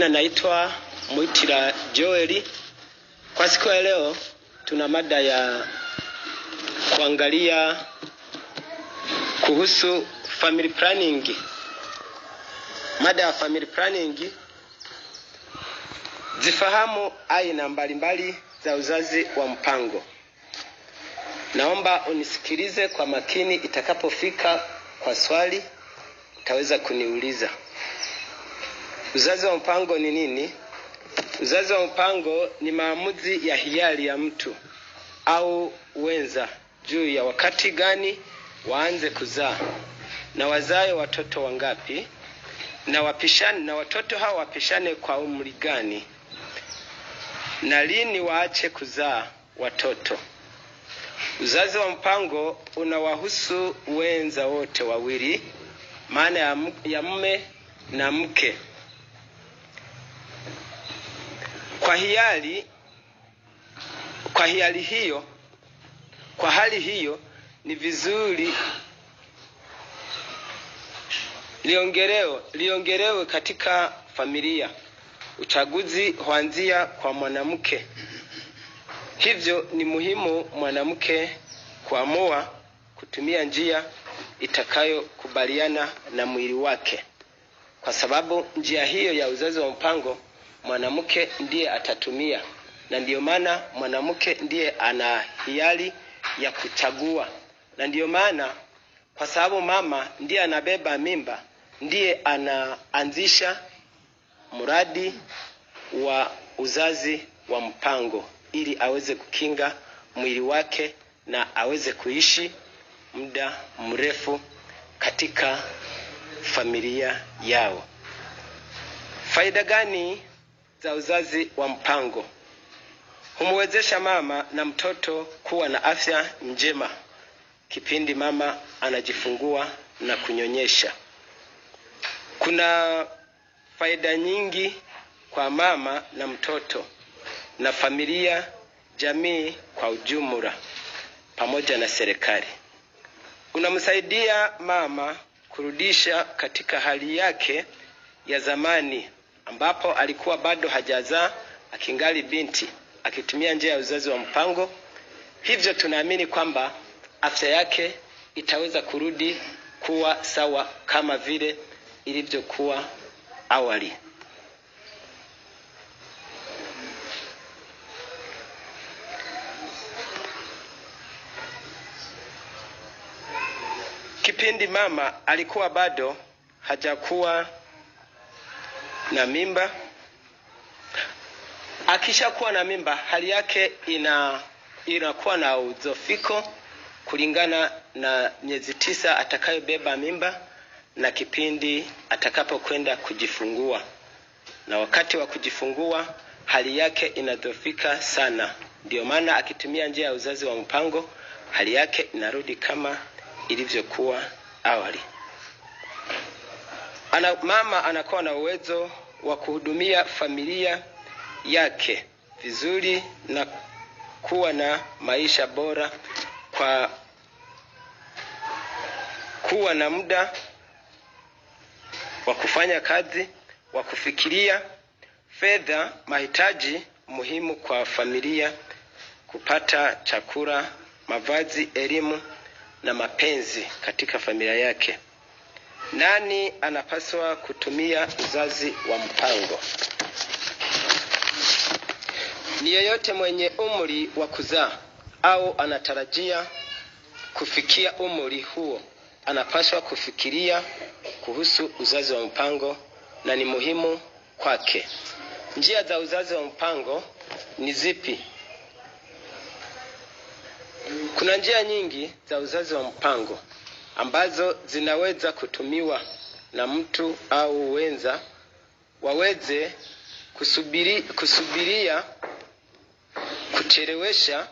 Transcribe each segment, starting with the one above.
jina naitwa Mwitira Joeli. Kwa siku ya leo tuna mada ya kuangalia kuhusu family planning. Mada ya family planning, zifahamu aina mbalimbali za uzazi wa mpango. Naomba unisikilize kwa makini, itakapofika kwa swali utaweza kuniuliza. Uzazi wa mpango ni nini? Uzazi wa mpango ni maamuzi ya hiari ya mtu au wenza juu ya wakati gani waanze kuzaa na wazae watoto wangapi na wapishane, na watoto hao wapishane kwa umri gani na lini waache kuzaa watoto. Uzazi wa mpango unawahusu wenza wote wawili, maana ya mume na mke. Kwa hiari, kwa hiari hiyo, kwa hali hiyo ni vizuri liongelewe, liongelewe katika familia. Uchaguzi huanzia kwa mwanamke, hivyo ni muhimu mwanamke kuamua kutumia njia itakayokubaliana na mwili wake, kwa sababu njia hiyo ya uzazi wa mpango mwanamke ndiye atatumia, na ndiyo maana mwanamke ndiye ana hiari ya kuchagua, na ndiyo maana kwa sababu mama ndiye anabeba mimba, ndiye anaanzisha mradi wa uzazi wa mpango ili aweze kukinga mwili wake na aweze kuishi muda mrefu katika familia yao. Faida gani za uzazi wa mpango humwezesha mama na mtoto kuwa na afya njema kipindi mama anajifungua na kunyonyesha. Kuna faida nyingi kwa mama na mtoto na familia, jamii kwa ujumla, pamoja na serikali. Unamsaidia mama kurudisha katika hali yake ya zamani ambapo alikuwa bado hajazaa akingali binti akitumia njia ya uzazi wa mpango. Hivyo tunaamini kwamba afya yake itaweza kurudi kuwa sawa kama vile ilivyokuwa awali. Kipindi mama alikuwa bado hajakuwa na mimba. Akishakuwa na mimba, hali yake ina inakuwa na udhofiko kulingana na miezi tisa atakayobeba mimba na kipindi atakapokwenda kujifungua, na wakati wa kujifungua hali yake inadhofika sana. Ndio maana akitumia njia ya uzazi wa mpango hali yake inarudi kama ilivyokuwa awali ana, mama anakuwa na uwezo wa kuhudumia familia yake vizuri na kuwa na maisha bora kwa kuwa na muda wa kufanya kazi, wa kufikiria fedha, mahitaji muhimu kwa familia, kupata chakula, mavazi, elimu na mapenzi katika familia yake. Nani anapaswa kutumia uzazi wa mpango? Ni yeyote mwenye umri wa kuzaa au anatarajia kufikia umri huo, anapaswa kufikiria kuhusu uzazi wa mpango na ni muhimu kwake. Njia za uzazi wa mpango ni zipi? Kuna njia nyingi za uzazi wa mpango ambazo zinaweza kutumiwa na mtu au wenza waweze kusubiri, kusubiria kuchelewesha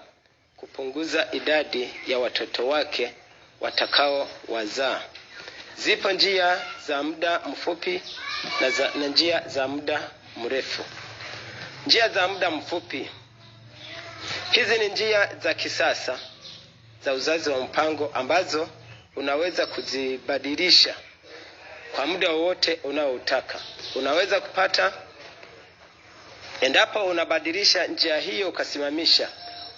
kupunguza idadi ya watoto wake watakao wazaa. Zipo njia za muda mfupi na, za, na njia za muda mrefu. Njia za muda mfupi, hizi ni njia za kisasa za uzazi wa mpango ambazo unaweza kuzibadilisha kwa muda wowote unaoutaka Unaweza kupata, endapo unabadilisha njia hiyo ukasimamisha,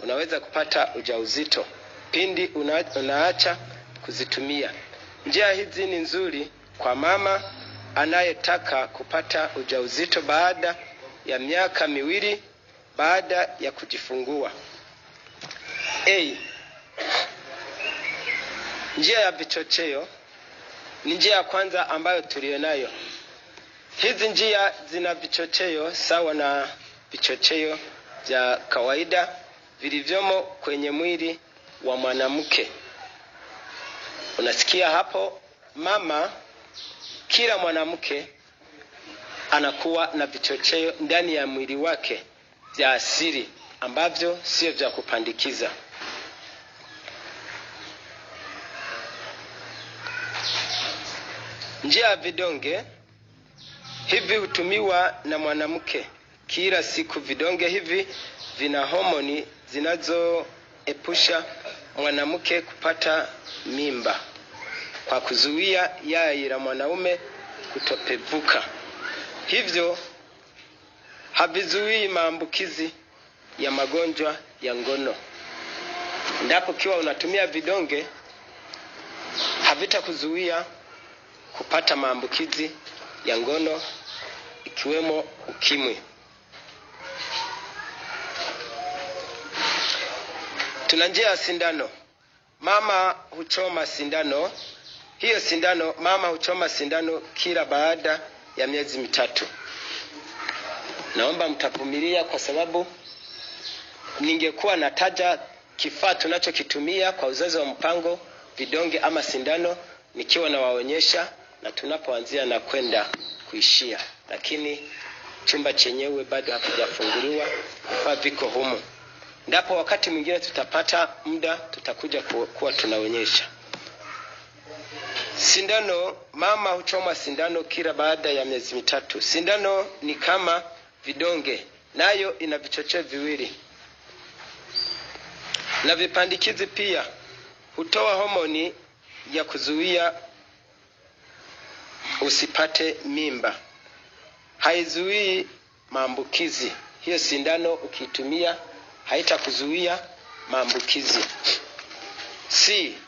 unaweza kupata ujauzito pindi una, unaacha kuzitumia. Njia hizi ni nzuri kwa mama anayetaka kupata ujauzito baada ya miaka miwili baada ya kujifungua. A, Njia ya vichocheo ni njia ya kwanza ambayo tulionayo. Hizi njia zina vichocheo sawa na vichocheo vya kawaida vilivyomo kwenye mwili wa mwanamke. Unasikia hapo, mama, kila mwanamke anakuwa na vichocheo ndani ya mwili wake vya asili ambavyo sio vya kupandikiza. Njia ya vidonge hivi hutumiwa na mwanamke kila siku. Vidonge hivi vina homoni zinazoepusha mwanamke kupata mimba kwa kuzuia yai la mwanaume kutopevuka, hivyo havizuii maambukizi ya magonjwa ya ngono. ndapo kiwa unatumia vidonge havitakuzuia kupata maambukizi ya ngono ikiwemo ukimwi. Tuna njia ya sindano. Mama huchoma sindano hiyo sindano, mama huchoma sindano kila baada ya miezi mitatu. Naomba mtavumilia, kwa sababu ningekuwa nataja kifaa tunachokitumia kwa uzazi wa mpango, vidonge ama sindano, nikiwa nawaonyesha na tunapoanzia na kwenda kuishia, lakini chumba chenyewe bado hakijafunguliwa, vifaa viko humu, ndapo wakati mwingine tutapata muda, tutakuja kuwa tunaonyesha sindano. Mama huchoma sindano kila baada ya miezi mitatu. Sindano ni kama vidonge, nayo ina vichocheo viwili na vipandikizi, pia hutoa homoni ya kuzuia usipate mimba. Haizuii maambukizi. Hiyo sindano ukiitumia haitakuzuia maambukizi. Si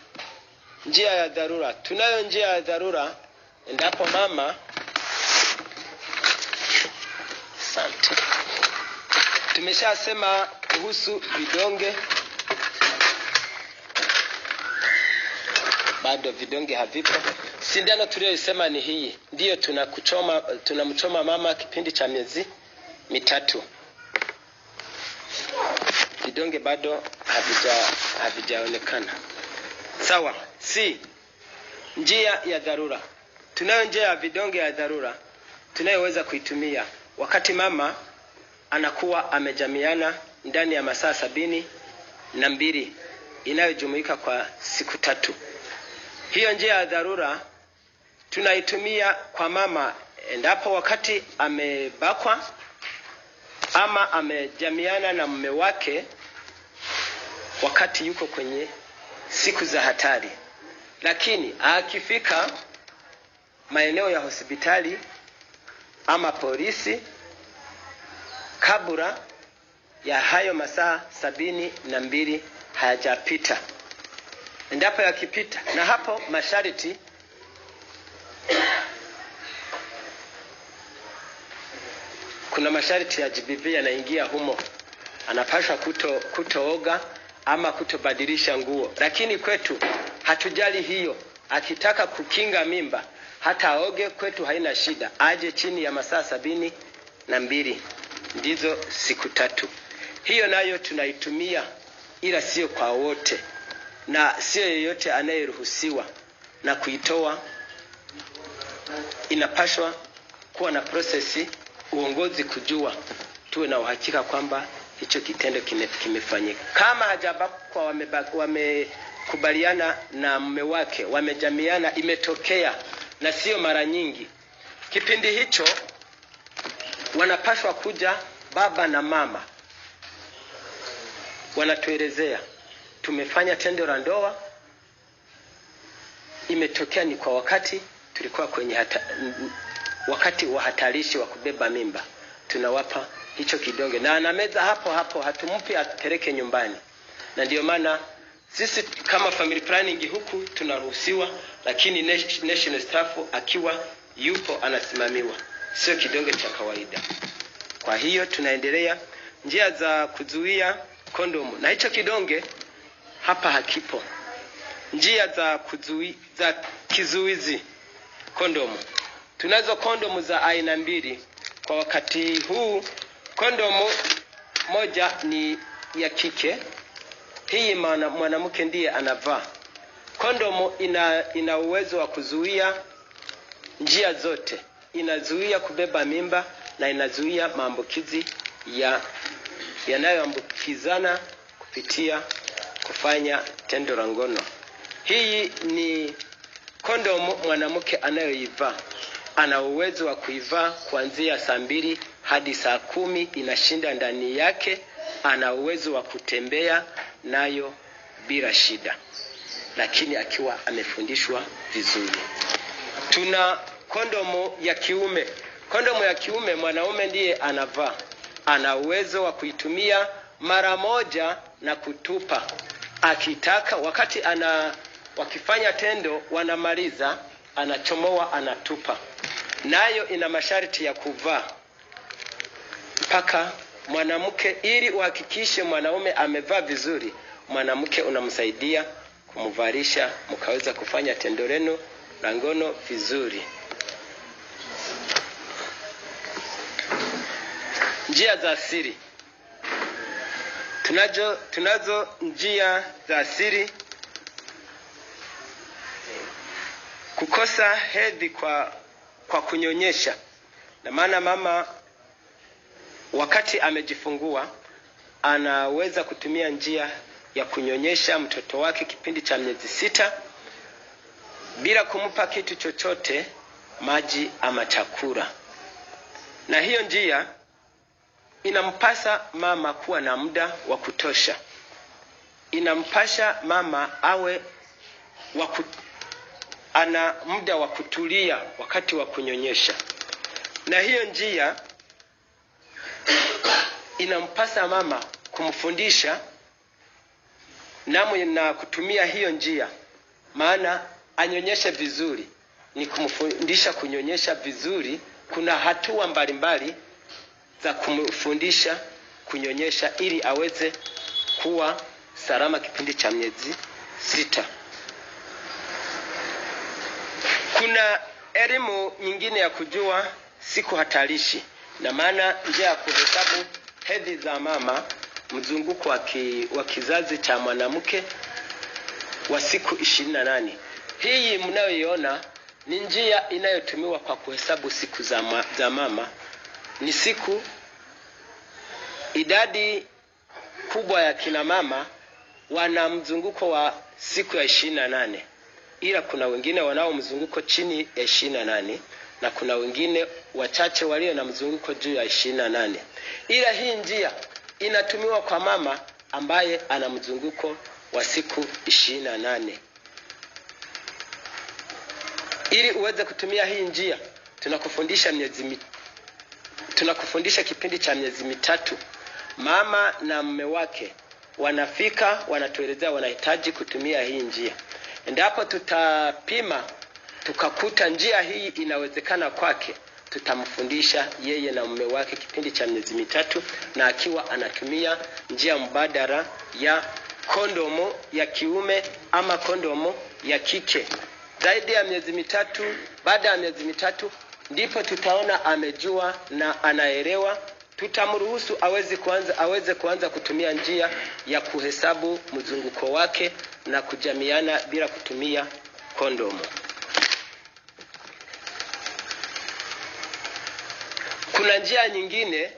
njia ya dharura. Tunayo njia ya dharura endapo mama Asante. Tumeshasema kuhusu vidonge, bado vidonge havipo. Sindano tuliyoisema ni hii, ndiyo tunakuchoma, tunamchoma mama kipindi cha miezi mitatu. Vidonge bado havijaonekana. Sawa, si njia ya dharura. Tunayo njia ya vidonge ya dharura tunayoweza kuitumia wakati mama anakuwa amejamiana ndani ya masaa sabini na mbili inayojumuika kwa siku tatu. Hiyo njia ya dharura tunaitumia kwa mama endapo wakati amebakwa ama amejamiana na mume wake wakati yuko kwenye siku za hatari, lakini akifika maeneo ya hospitali ama polisi kabla ya hayo masaa sabini na mbili hayajapita, endapo yakipita, na hapo masharti kuna masharti ya GBV yanaingia humo, anapashwa kuto, kutooga ama kutobadilisha nguo, lakini kwetu hatujali hiyo. Akitaka kukinga mimba hata aoge, kwetu haina shida, aje chini ya masaa sabini na mbili ndizo siku tatu. Hiyo nayo tunaitumia, ila sio kwa wote na sio yeyote anayeruhusiwa na kuitoa, inapashwa kuwa na prosesi uongozi kujua, tuwe na uhakika kwamba hicho kitendo kimefanyika. Kama hajabakwa wamekubaliana, wame na mume wake wamejamiana, imetokea na sio mara nyingi. Kipindi hicho wanapashwa kuja baba na mama, wanatuelezea tumefanya tendo la ndoa, imetokea ni kwa wakati tulikuwa kwenye hata wakati wa hatarishi wa kubeba mimba, tunawapa hicho kidonge na anameza hapo hapo, hatumpi apeleke nyumbani. Na ndio maana sisi kama family planning huku tunaruhusiwa, lakini national staff akiwa yupo anasimamiwa, sio kidonge cha kawaida. Kwa hiyo tunaendelea njia za kuzuia kondomu na hicho kidonge hapa hakipo. Njia za kuzuia za kizuizi kondomu Tunazo kondomu za aina mbili kwa wakati huu. Kondomu moja ni ya kike, hii mwanamke ndiye anavaa. Kondomu ina, ina uwezo wa kuzuia njia zote, inazuia kubeba mimba na inazuia maambukizi ya yanayoambukizana kupitia kufanya tendo la ngono. Hii ni kondomu mwanamke anayoivaa ana uwezo wa kuivaa kuanzia saa mbili hadi saa kumi inashinda ndani yake. Ana uwezo wa kutembea nayo bila shida, lakini akiwa amefundishwa vizuri. Tuna kondomo ya kiume. Kondomo ya kiume mwanaume ndiye anavaa, ana uwezo wa kuitumia mara moja na kutupa akitaka. Wakati ana wakifanya tendo wanamaliza anachomoa anatupa, nayo ina masharti ya kuvaa mpaka mwanamke, ili uhakikishe mwanaume amevaa vizuri, mwanamke unamsaidia kumvalisha, mkaweza kufanya tendo lenu la ngono vizuri. Njia za siri tunazo, tunazo njia za siri Kukosa hedhi kwa, kwa kunyonyesha, na maana mama wakati amejifungua anaweza kutumia njia ya kunyonyesha mtoto wake kipindi cha miezi sita bila kumpa kitu chochote, maji ama chakula. Na hiyo njia inampasa mama kuwa na muda wa kutosha, inampasha mama awe wa ana muda wa kutulia wakati wa kunyonyesha, na hiyo njia inampasa mama kumfundisha namwe na kutumia hiyo njia, maana anyonyeshe vizuri ni kumfundisha kunyonyesha vizuri. Kuna hatua mbalimbali za kumfundisha kunyonyesha ili aweze kuwa salama kipindi cha miezi sita. Kuna elimu nyingine ya kujua siku hatarishi, na maana njia ya kuhesabu hedhi za mama, mzunguko wa ki, wa kizazi cha mwanamke wa siku ishirini na nane. Hii mnayoiona ni njia inayotumiwa kwa kuhesabu siku za, ma, za mama. Ni siku idadi kubwa ya kina mama wana mzunguko wa siku ya ishirini na nane ila kuna wengine wanao mzunguko chini ya ishirini na nane na kuna wengine wachache walio na mzunguko juu ya ishirini na nane ila hii njia inatumiwa kwa mama ambaye ana mzunguko wa siku ishirini na nane. Ili uweze kutumia hii njia, tunakufundisha miezi tunakufundisha kipindi cha miezi mitatu. Mama na mme wake wanafika, wanatuelezea wanahitaji kutumia hii njia. Endapo tutapima tukakuta njia hii inawezekana kwake, tutamfundisha yeye na mume wake kipindi cha miezi mitatu, na akiwa anatumia njia mbadala ya kondomo ya kiume ama kondomo ya kike zaidi ya miezi mitatu. Baada ya miezi mitatu ndipo tutaona amejua na anaelewa tutamruhusu aweze kuanza, aweze kuanza kutumia njia ya kuhesabu mzunguko wake na kujamiana bila kutumia kondomu. Kuna njia nyingine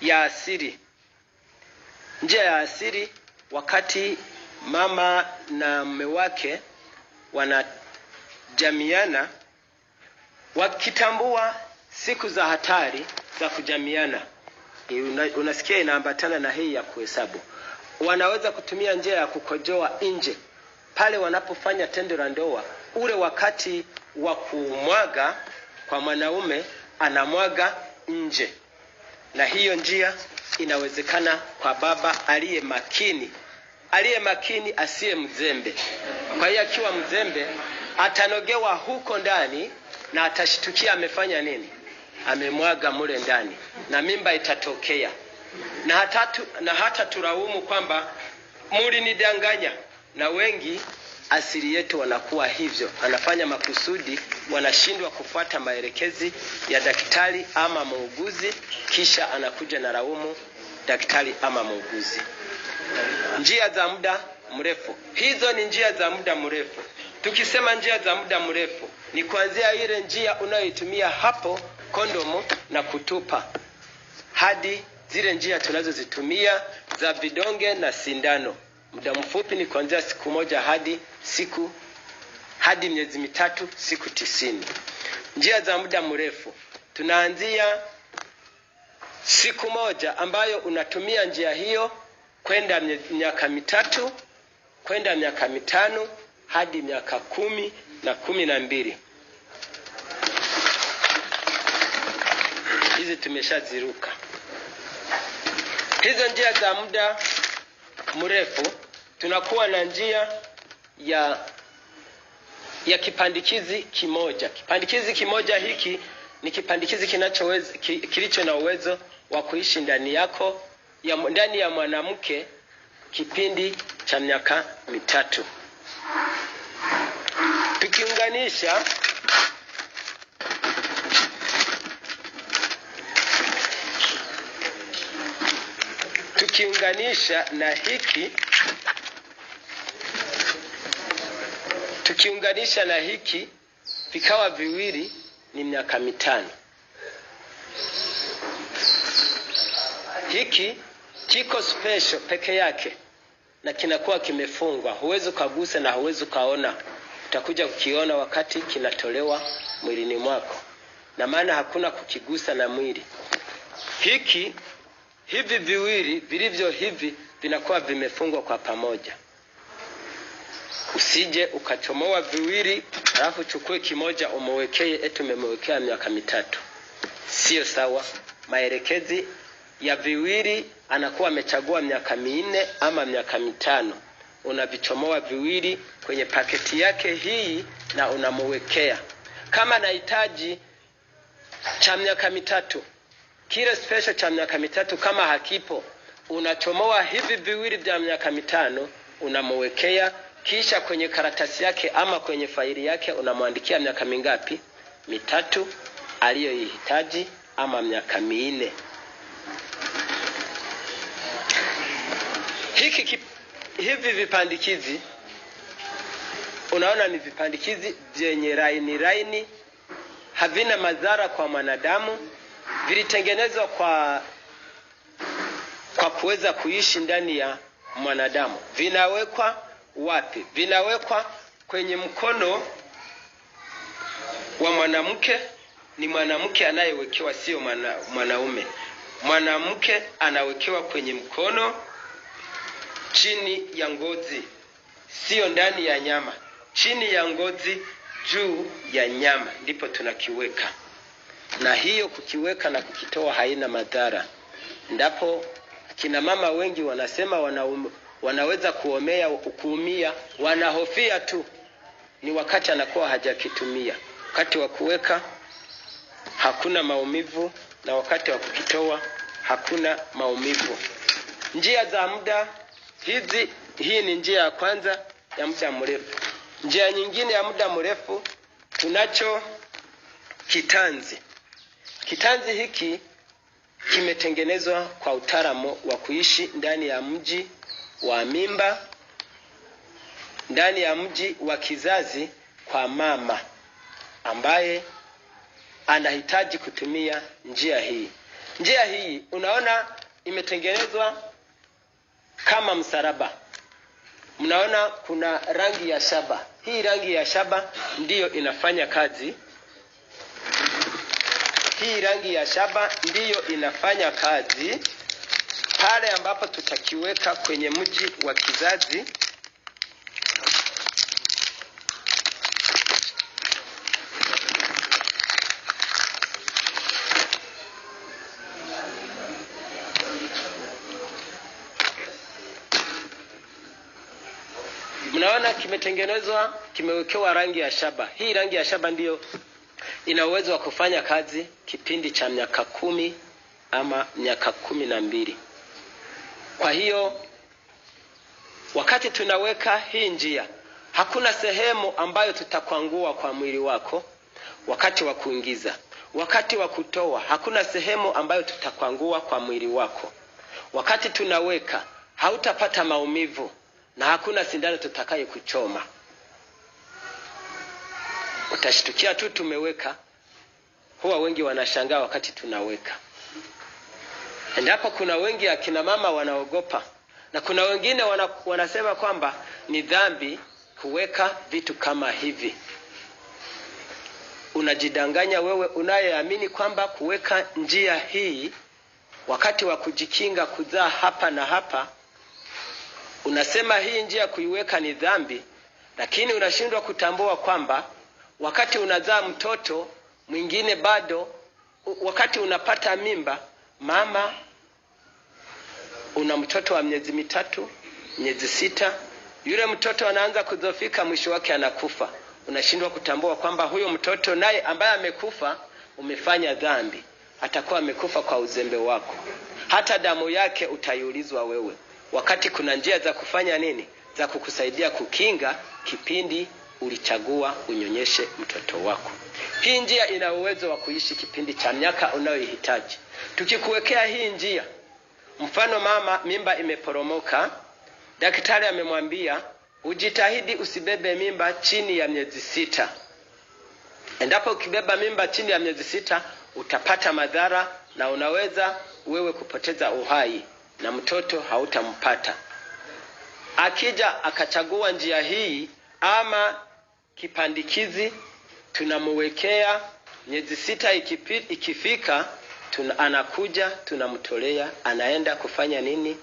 ya asili. Njia ya asili, wakati mama na mume wake wanajamiana wakitambua siku za hatari za kujamiana una, unasikia inaambatana na hii ya kuhesabu. Wanaweza kutumia njia ya kukojoa nje pale wanapofanya tendo la ndoa, ule wakati wa kumwaga kwa mwanaume anamwaga nje, na hiyo njia inawezekana kwa baba aliye makini, aliye makini, asiye mzembe. Kwa hiyo akiwa mzembe atanogewa huko ndani na atashtukia amefanya nini? amemwaga mule ndani, na mimba itatokea, na hata, tu, na hata turaumu kwamba mulinidanganya. Na wengi asili yetu wanakuwa hivyo, anafanya makusudi, wanashindwa kufuata maelekezi ya daktari ama muuguzi, kisha anakuja na laumu daktari ama muuguzi. Njia za muda mrefu, hizo ni njia za muda mrefu. Tukisema njia za muda mrefu ni kuanzia ile njia unayoitumia hapo kondomu na kutupa hadi zile njia tunazozitumia za vidonge na sindano. Muda mfupi ni kuanzia siku moja hadi siku hadi miezi mitatu siku tisini. Njia za muda mrefu tunaanzia siku moja ambayo unatumia njia hiyo kwenda miaka mitatu kwenda miaka mitano hadi miaka kumi na kumi na mbili. hizi tumeshaziruka. Hizo njia za muda mrefu, tunakuwa na njia ya ya kipandikizi kimoja. Kipandikizi kimoja hiki ni kipandikizi kinachoweza kilicho na uwezo wa kuishi ndani yako ya, ndani ya mwanamke kipindi cha miaka mitatu tukiunganisha tukiunganisha na hiki tukiunganisha na hiki vikawa viwili ni miaka mitano. Hiki kiko special peke yake na kinakuwa kimefungwa, huwezi ukagusa na huwezi ukaona. Utakuja kukiona wakati kinatolewa mwilini mwako, na maana hakuna kukigusa na mwili hiki hivi viwili vilivyo hivi vinakuwa vimefungwa kwa pamoja. Usije ukachomoa viwili alafu chukue kimoja umwekee, eti eh, umemwekea miaka mitatu. Sio sawa. Maelekezi ya viwili anakuwa amechagua miaka minne ama miaka mitano, unavichomoa viwili kwenye paketi yake hii na unamuwekea. Kama anahitaji cha miaka mitatu kile special cha miaka mitatu kama hakipo, unachomoa hivi viwili vya miaka mitano unamuwekea, kisha kwenye karatasi yake ama kwenye faili yake unamwandikia miaka mingapi? Mitatu aliyoihitaji ama miaka minne. Hiki kip, hivi vipandikizi unaona ni vipandikizi vyenye laini laini, havina madhara kwa mwanadamu vilitengenezwa kwa kwa kuweza kuishi ndani ya mwanadamu. Vinawekwa wapi? Vinawekwa kwenye mkono wa mwanamke. Ni mwanamke anayewekewa, sio mwanaume. Mwanamke anawekewa kwenye mkono, chini ya ngozi, sio ndani ya nyama, chini ya ngozi, juu ya nyama, ndipo tunakiweka na hiyo kukiweka na kukitoa haina madhara. Ndapo kina mama wengi wanasema wana um, wanaweza kuomea kuumia, wanahofia tu, ni wakati anakuwa hajakitumia. Wakati wa kuweka hakuna maumivu na wakati wa kukitoa hakuna maumivu. Njia za muda hizi, hii ni njia ya kwanza ya muda mrefu. Njia nyingine ya muda mrefu tunacho kitanzi. Kitanzi hiki kimetengenezwa kwa utaramo wa kuishi ndani ya mji wa mimba, ndani ya mji wa kizazi kwa mama ambaye anahitaji kutumia njia hii. Njia hii unaona imetengenezwa kama msalaba. Mnaona kuna rangi ya shaba. Hii rangi ya shaba ndiyo inafanya kazi hii rangi ya shaba ndiyo inafanya kazi pale ambapo tutakiweka kwenye mji wa kizazi Mnaona kimetengenezwa, kimewekewa rangi ya shaba. Hii rangi ya shaba ndiyo ina uwezo wa kufanya kazi kipindi cha miaka kumi ama miaka kumi na mbili. Kwa hiyo wakati tunaweka hii njia, hakuna sehemu ambayo tutakwangua kwa mwili wako wakati wa kuingiza, wakati wa kutoa, hakuna sehemu ambayo tutakwangua kwa mwili wako. Wakati tunaweka, hautapata maumivu na hakuna sindano tutakayokuchoma kuchoma. Utashtukia tu tumeweka. Huwa wengi wanashangaa wakati tunaweka. Endapo kuna wengi akina mama wanaogopa, na kuna wengine wana, wanasema kwamba ni dhambi kuweka vitu kama hivi. Unajidanganya wewe unayeamini kwamba kuweka njia hii wakati wa kujikinga kuzaa hapa na hapa, unasema hii njia kuiweka ni dhambi, lakini unashindwa kutambua kwamba wakati unazaa mtoto mwingine bado, wakati unapata mimba, mama una mtoto wa miezi mitatu, miezi sita, yule mtoto anaanza kudhofika, mwisho wake anakufa. Unashindwa kutambua kwamba huyo mtoto naye ambaye amekufa, umefanya dhambi, atakuwa amekufa kwa uzembe wako. Hata damu yake utaiulizwa wewe, wakati kuna njia za kufanya nini, za kukusaidia kukinga kipindi ulichagua unyonyeshe mtoto wako. Hii njia ina uwezo wa kuishi kipindi cha miaka unayohitaji Tukikuwekea hii njia, mfano mama mimba imeporomoka, daktari amemwambia ujitahidi usibebe mimba chini ya miezi sita. Endapo ukibeba mimba chini ya miezi sita utapata madhara na unaweza wewe kupoteza uhai na mtoto hautampata. Akija akachagua njia hii ama kipandikizi tunamwekea, miezi sita ikipi, ikifika tuna, anakuja tunamtolea, anaenda kufanya nini?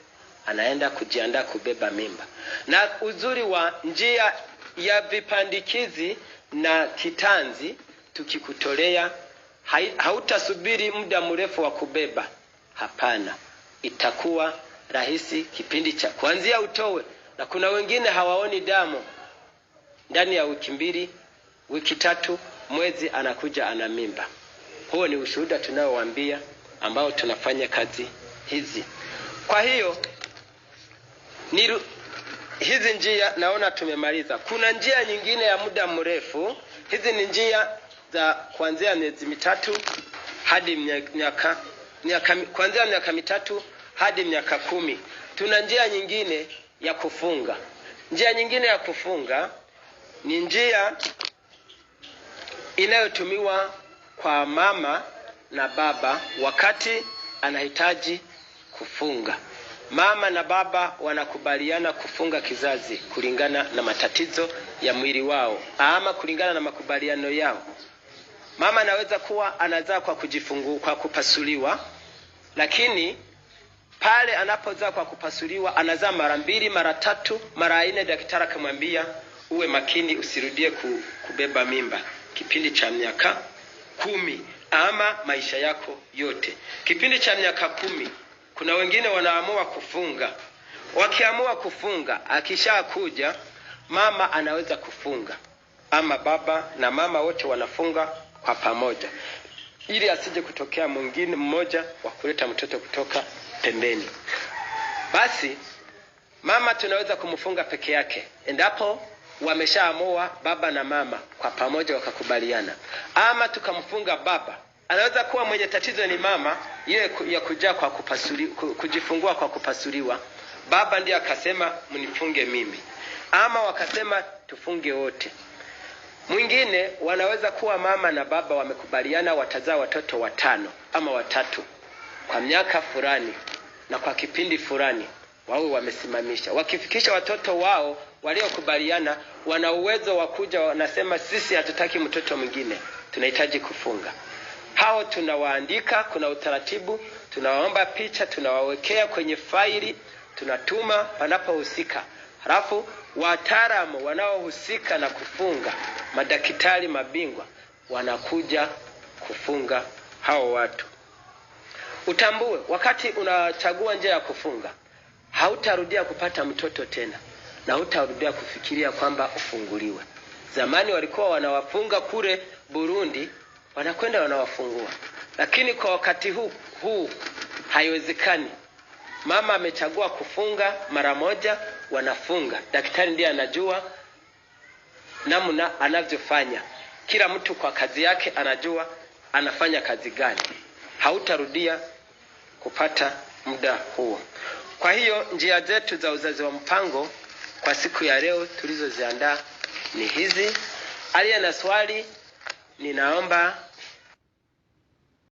Anaenda kujiandaa kubeba mimba. Na uzuri wa njia ya vipandikizi na kitanzi, tukikutolea hautasubiri muda mrefu wa kubeba. Hapana, itakuwa rahisi kipindi cha kuanzia utowe, na kuna wengine hawaoni damu ndani ya wiki mbili, wiki tatu, mwezi anakuja ana mimba. Huo ni ushuhuda tunaowaambia ambao tunafanya kazi hizi. Kwa hiyo niru, hizi njia naona tumemaliza. Kuna njia nyingine ya muda mrefu. Hizi ni njia za kuanzia miezi mitatu hadi miaka, miaka kuanzia miaka mitatu hadi miaka kumi. Tuna njia nyingine ya kufunga. Njia nyingine ya kufunga ni njia inayotumiwa kwa mama na baba wakati anahitaji kufunga. Mama na baba wanakubaliana kufunga kizazi kulingana na matatizo ya mwili wao ama kulingana na makubaliano yao. Mama anaweza kuwa anazaa kwa kujifungua, kwa kupasuliwa, lakini pale anapozaa kwa kupasuliwa anazaa mara mbili, mara tatu, mara nne, daktari akamwambia uwe makini usirudie ku, kubeba mimba kipindi cha miaka kumi ama maisha yako yote. Kipindi cha miaka kumi, kuna wengine wanaamua kufunga. Wakiamua kufunga, akishakuja mama anaweza kufunga ama baba na mama wote wanafunga kwa pamoja, ili asije kutokea mwingine mmoja wa kuleta mtoto kutoka pembeni. Basi mama tunaweza kumfunga peke yake endapo wameshaamua baba na mama kwa pamoja wakakubaliana, ama tukamfunga baba. Anaweza kuwa mwenye tatizo ni mama, ile ya kujaa kwa kupasuri, kujifungua kwa kupasuliwa. Baba ndiye akasema mnifunge mimi, ama wakasema tufunge wote. Mwingine wanaweza kuwa mama na baba wamekubaliana watazaa watoto watano ama watatu kwa miaka fulani na kwa kipindi fulani wawe wamesimamisha. Wakifikisha watoto wao waliokubaliana, wana uwezo wa kuja, wanasema sisi hatutaki mtoto mwingine, tunahitaji kufunga. Hao tunawaandika, kuna utaratibu, tunawaomba picha, tunawawekea kwenye faili, tunatuma panapohusika, halafu wataalamu wanaohusika na kufunga, madaktari mabingwa, wanakuja kufunga hao watu. Utambue wakati unachagua njia ya kufunga hautarudia kupata mtoto tena na hautarudia kufikiria kwamba ufunguliwe. Zamani walikuwa wanawafunga kule Burundi, wanakwenda wanawafungua, lakini kwa wakati huu huu haiwezekani. Mama amechagua kufunga mara moja, wanafunga. Daktari ndiye anajua namna anavyofanya, kila mtu kwa kazi yake anajua anafanya kazi gani. Hautarudia kupata muda huo. Kwa hiyo njia zetu za uzazi wa mpango kwa siku ya leo tulizoziandaa ni hizi. Aliye na swali ninaomba